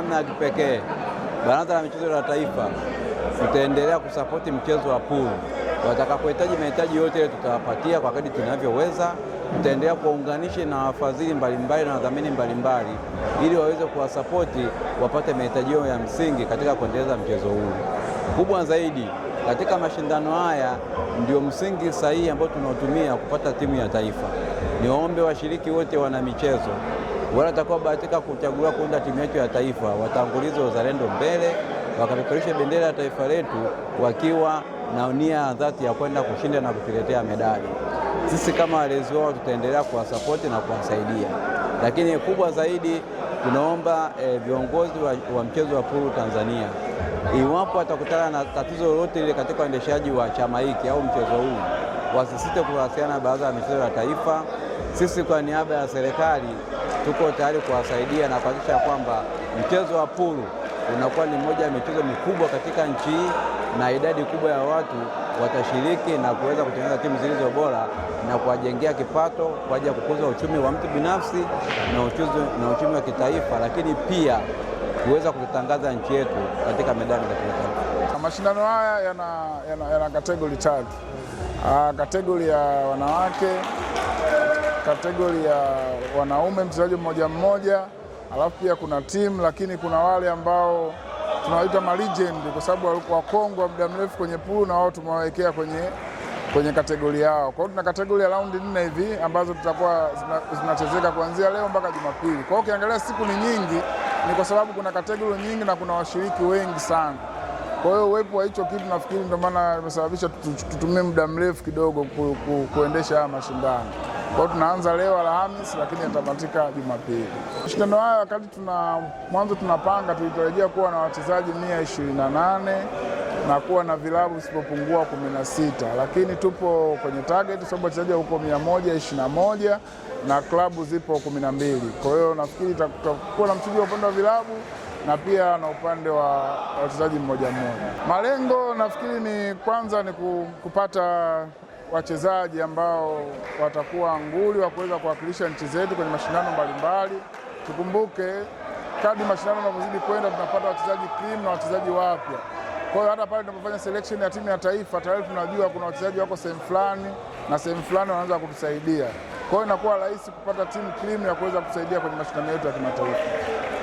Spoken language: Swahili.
Namna ya kipekee Baraza la Michezo la Taifa tutaendelea kusapoti mchezo wa pool. Watakapohitaji mahitaji yote ile tutawapatia kwa kadri tunavyoweza. Tutaendelea kuwaunganisha na wafadhili mbalimbali na wadhamini mbalimbali ili waweze kuwasapoti wapate mahitaji yao ya msingi katika kuendeleza mchezo huu kubwa zaidi katika mashindano haya, ndio msingi sahihi ambao tunaotumia kupata timu ya taifa. Niwaombe washiriki wote wana michezo wala watakuwa bahatika kuchaguliwa kuunda timu yetu ya taifa, watangulize uzalendo mbele, wakapeperusha bendera ya taifa letu wakiwa na nia dhati ya kwenda kushinda na kutuletea medali sisi kama walezi wao tutaendelea kuwasapoti na kuwasaidia, lakini kubwa zaidi tunaomba e, viongozi wa, wa mchezo wa puru Tanzania, iwapo watakutana na tatizo lolote lile katika uendeshaji wa chama hiki au mchezo huu, wasisite kuwasiliana na Baraza la Michezo ya Taifa. Sisi kwa niaba ya serikali tuko tayari kuwasaidia na kuhakikisha kwamba mchezo wa puru unakuwa ni moja ya michezo mikubwa katika nchi hii na idadi kubwa ya watu watashiriki na kuweza kutengeneza timu zilizo bora na kuwajengea kipato kwa ajili ya kukuza uchumi wa mtu binafsi na uchumi, na uchumi wa kitaifa, lakini pia kuweza kutangaza nchi yetu katika medani za kimataifa. Mashindano haya yana, yana, yana kategori tatu: kategori ah, ya wanawake, kategori ya wanaume mchezaji mmoja mmoja alafu pia kuna timu, lakini kuna wale ambao tunawaita malegend kwa sababu walikuwa wakongwa muda mrefu kwenye pool na wao tumewawekea kwenye kwenye kategori yao. Kwa hiyo tuna kategori ya raundi nne hivi ambazo tutakuwa zinachezeka kuanzia leo mpaka Jumapili. Kwa hiyo ukiangalia siku ni nyingi, ni kwa sababu kuna kategori nyingi na kuna washiriki wengi sana. Kwa hiyo uwepo wa hicho kitu nafikiri ndio maana imesababisha tutumie muda mrefu kidogo ku, ku, kuendesha haya mashindano. Kwa tunaanza leo Alhamisi, lakini yatamatika Jumapili. Mashindano haya wakati tuna mwanzo tunapanga, tulitarajia kuwa na wachezaji mia ishirini na nane na kuwa na vilabu visivyopungua kumi na sita lakini tupo kwenye target sababu wachezaji huko mia moja ishirini na moja na klabu zipo kumi na mbili Kwa hiyo nafikiri tutakuwa na mchujo upande wa vilabu na pia na upande wa wachezaji mmoja mmoja. Malengo nafikiri ni kwanza ni kupata wachezaji ambao watakuwa nguli wa kuweza kuwakilisha nchi zetu kwenye mashindano mbalimbali. Tukumbuke kadri mashindano yanavyozidi kwenda, tunapata wachezaji cream na wachezaji wapya. Kwa hiyo hata pale tunapofanya selection ya timu ya taifa tayari tunajua kuna wachezaji wako sehemu fulani na sehemu fulani wanaweza kutusaidia. Kwa hiyo inakuwa rahisi kupata timu cream ya kuweza kutusaidia kwenye mashindano yetu ya kimataifa.